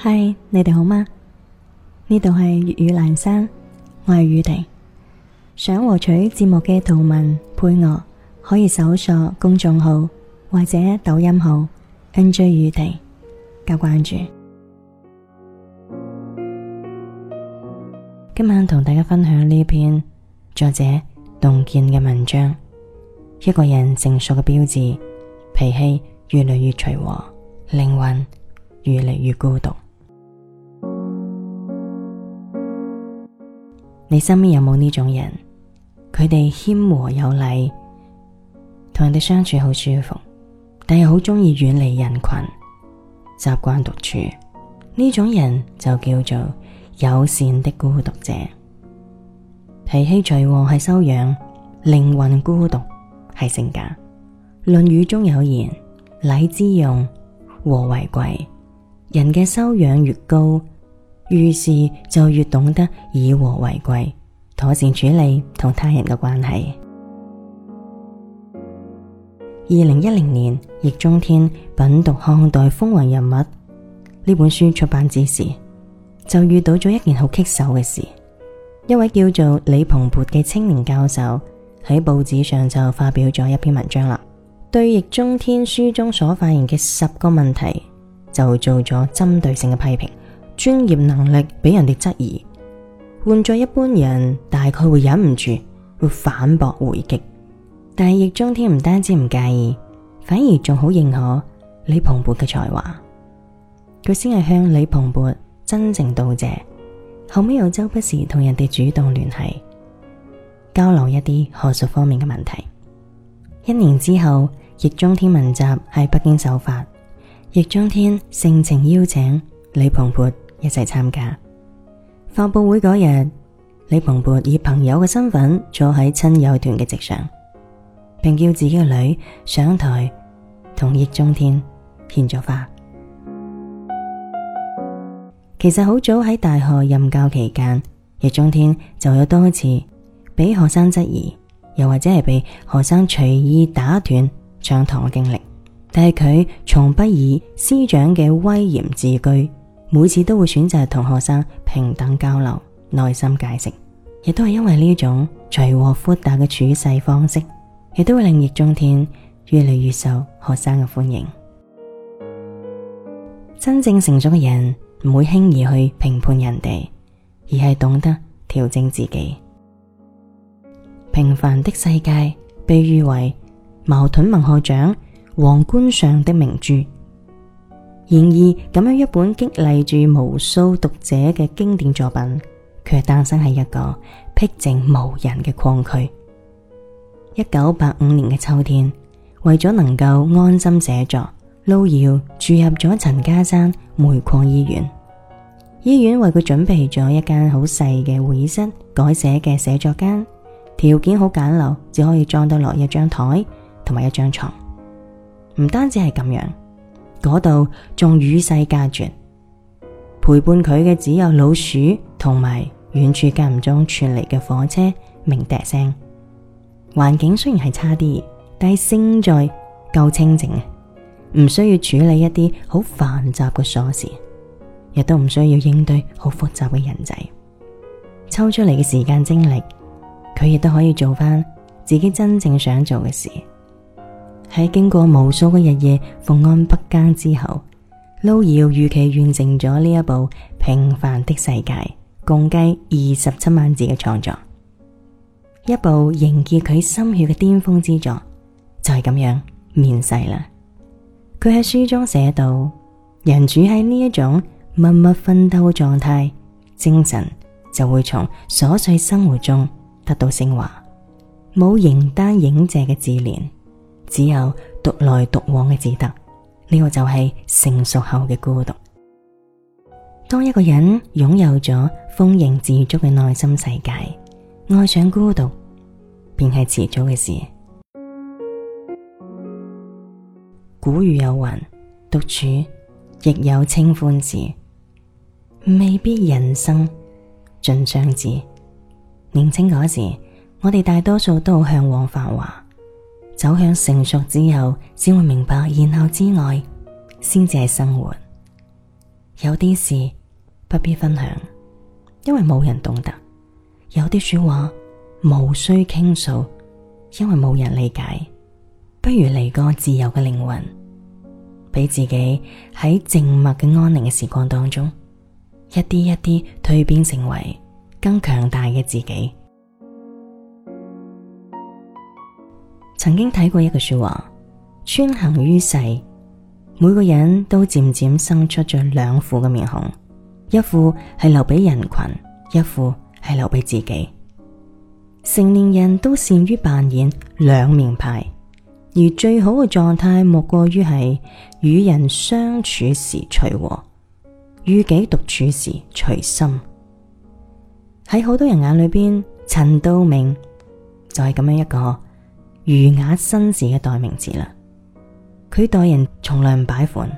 嗨，Hi，你哋好嗎？呢度係粵語闌珊，我係宇婷。想獲取節目嘅圖文配樂，可以搜索公眾號或者抖音號 NJ 宇婷加關注。今晚同大家分享呢篇作者洞見嘅文章。一個人成熟嘅標誌，脾氣越嚟越隨和，靈魂越嚟越孤獨。你身邊有冇呢種人？佢哋謙和有禮，同人哋相處好舒服，但係好鍾意遠離人群，習慣獨處。呢種人就叫做友善的孤獨者。脾氣隨和係修養，靈魂孤獨係性格。《論語》中有言：禮之用，和為貴。人嘅修養越高。遇事就越懂得以和為貴，妥善處理同他人嘅關係。二零一零年，易中天品讀《漢代風雲人物》呢本書出版之時，就遇到咗一件好棘手嘅事。一位叫做李蓬勃嘅青年教授喺報紙上就發表咗一篇文章啦，對易中天書中所發現嘅十個問題就做咗針對性嘅批評。專業能力俾人哋質疑，換咗一般人，大概會忍唔住，會反駁回擊。但係易中天唔單止唔介意，反而仲好認可李蓬勃嘅才華，佢先係向李蓬勃真誠道謝。後尾又周不時同人哋主動聯繫，交流一啲學術方面嘅問題。一年之後，易中天文集喺北京首發，易中天盛情邀請李蓬勃。一齊參加。發布會嗰日，李蓬勃以朋友嘅身份坐喺親友團嘅席上，並叫自己嘅女上台同易中天獻咗花。其實好早喺大學任教期間，易中天就有多次俾學生質疑，又或者係俾學生隨意打斷上堂嘅經歷，但係佢從不以師長嘅威嚴自居。每次都會選擇同學生平等交流，耐心解釋，亦都係因為呢種隨和、豁達嘅處世方式，亦都會令易中天越嚟越受學生嘅歡迎。真正成熟嘅人唔會輕易去評判人哋，而係懂得調整自己。平凡的世界被譽為茅盾文學獎皇冠上的明珠。然而咁樣一本激勵住無數讀者嘅經典作品，卻誕生喺一個僻靜無人嘅礦區。一九八五年嘅秋天，為咗能夠安心寫作，路遙住入咗陳家山煤礦醫院。醫院為佢準備咗一間好細嘅會議室，改寫嘅寫作間，條件好簡陋，只可以裝得落一張台同埋一張床。唔單止係咁樣。嗰度仲與世隔絕，陪伴佢嘅只有老鼠同埋遠處間唔中傳嚟嘅火車鳴笛聲。環境雖然係差啲，但係勝在夠清靜，唔需要處理一啲好繁雜嘅瑣事，亦都唔需要應對好複雜嘅人仔。抽出嚟嘅時間精力，佢亦都可以做翻自己真正想做嘅事。喺經過無數嘅日夜伏案不更之後，路遙如期完成咗呢一部平凡的世界共計二十七萬字嘅創作，一部凝聚佢心血嘅巔峰之作，就係、是、咁樣面世啦。佢喺書中寫到：人處喺呢一種默默奮鬥嘅狀態，精神就會從瑣碎生活中得到升華，冇形單影隻嘅自憐。只有獨來獨往嘅自得，呢個就係成熟後嘅孤獨。當一個人擁有咗豐盈自足嘅內心世界，愛上孤獨，便係遲早嘅事。古語有云：獨處亦有清歡時，未必人生盡相知。年青嗰時，我哋大多數都好向往繁華。走向成熟之後，先會明白，然後之外，先至係生活。有啲事不必分享，因為冇人懂得；有啲說話冇需傾訴，因為冇人理解。不如嚟個自由嘅靈魂，俾自己喺靜默嘅安寧嘅時光當中，一啲一啲蛻變，成為更強大嘅自己。曾經睇過一句說話，穿行於世，每個人都漸漸生出咗兩副嘅面孔，一副係留俾人群，一副係留俾自己。成年人都善於扮演兩面派，而最好嘅狀態莫過於係與人相處時隨和，與己獨處時隨心。喺好多人眼裏邊，陳道明就係咁樣一個，儒雅紳士嘅代名詞啦，佢待人從來唔擺款，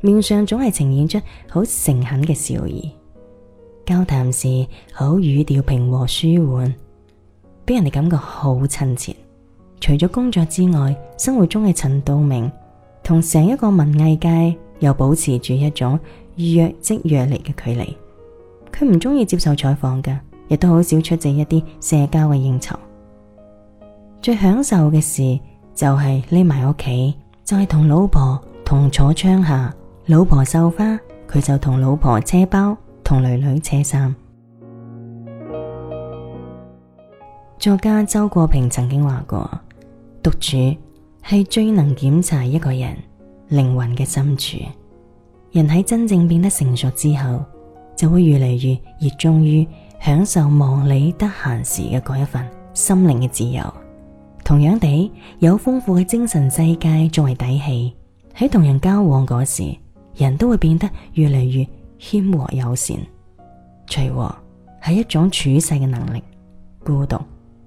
面上總係呈現出好誠懇嘅笑意。交談時好語調平和舒緩，俾人哋感覺好親切。除咗工作之外，生活中嘅陳道明同成一個文藝界又保持住一種若即若離嘅距離。佢唔中意接受採訪噶，亦都好少出席一啲社交嘅應酬。最享受嘅事就係匿埋屋企，就係同老婆同坐窗下，老婆繡花，佢就同老婆車包，同女女車衫。 作家周國平曾經話過：獨處係最能檢查一個人靈魂嘅深處。人喺真正變得成熟之後，就會越嚟越熱衷於享受忙裏得閒時嘅嗰一份心靈嘅自由。同樣地，有豐富嘅精神世界作為底氣，喺同人交往嗰時，人都會變得越嚟越謙和友善。隨和係一種處世嘅能力，孤獨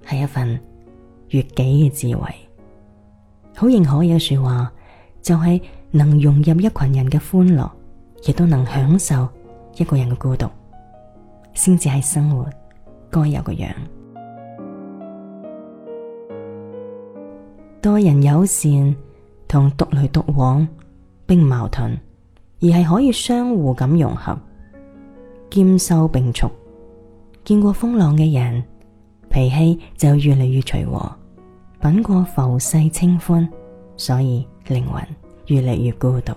係一份悅己嘅智慧。好認可有說話就係、是、能融入一群人嘅歡樂，亦都能享受一個人嘅孤獨，先至係生活該有個樣。待人友善同獨來獨往並唔矛盾，而係可以相互咁融合，兼收並蓄。見過風浪嘅人，脾氣就越嚟越隨和；品過浮世清歡，所以靈魂越嚟越孤獨。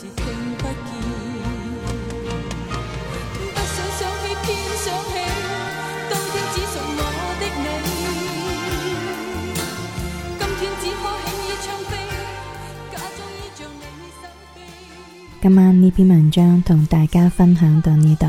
不想想起，偏想起。當天只屬我的你，今天只可輕輕唱悲歌，假裝依仗你心境。今晚呢篇文章同大家分享到呢度。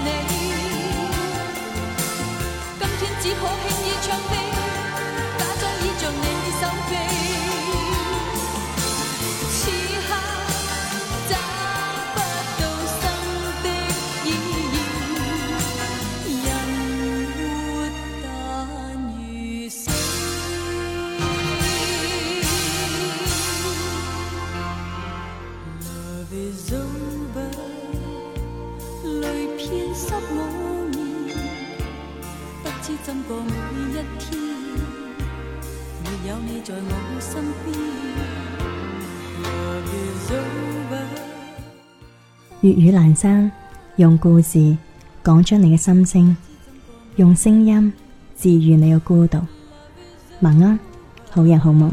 你今天只可輕易唱悲，假裝依着你的手臂。我每一天有你在我身邊粵語闌珊，用故事講出你嘅心聲，用聲音治愈你嘅孤獨。晚安，好人好夢。